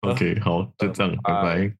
OK，uh, 好，就這樣，拜拜。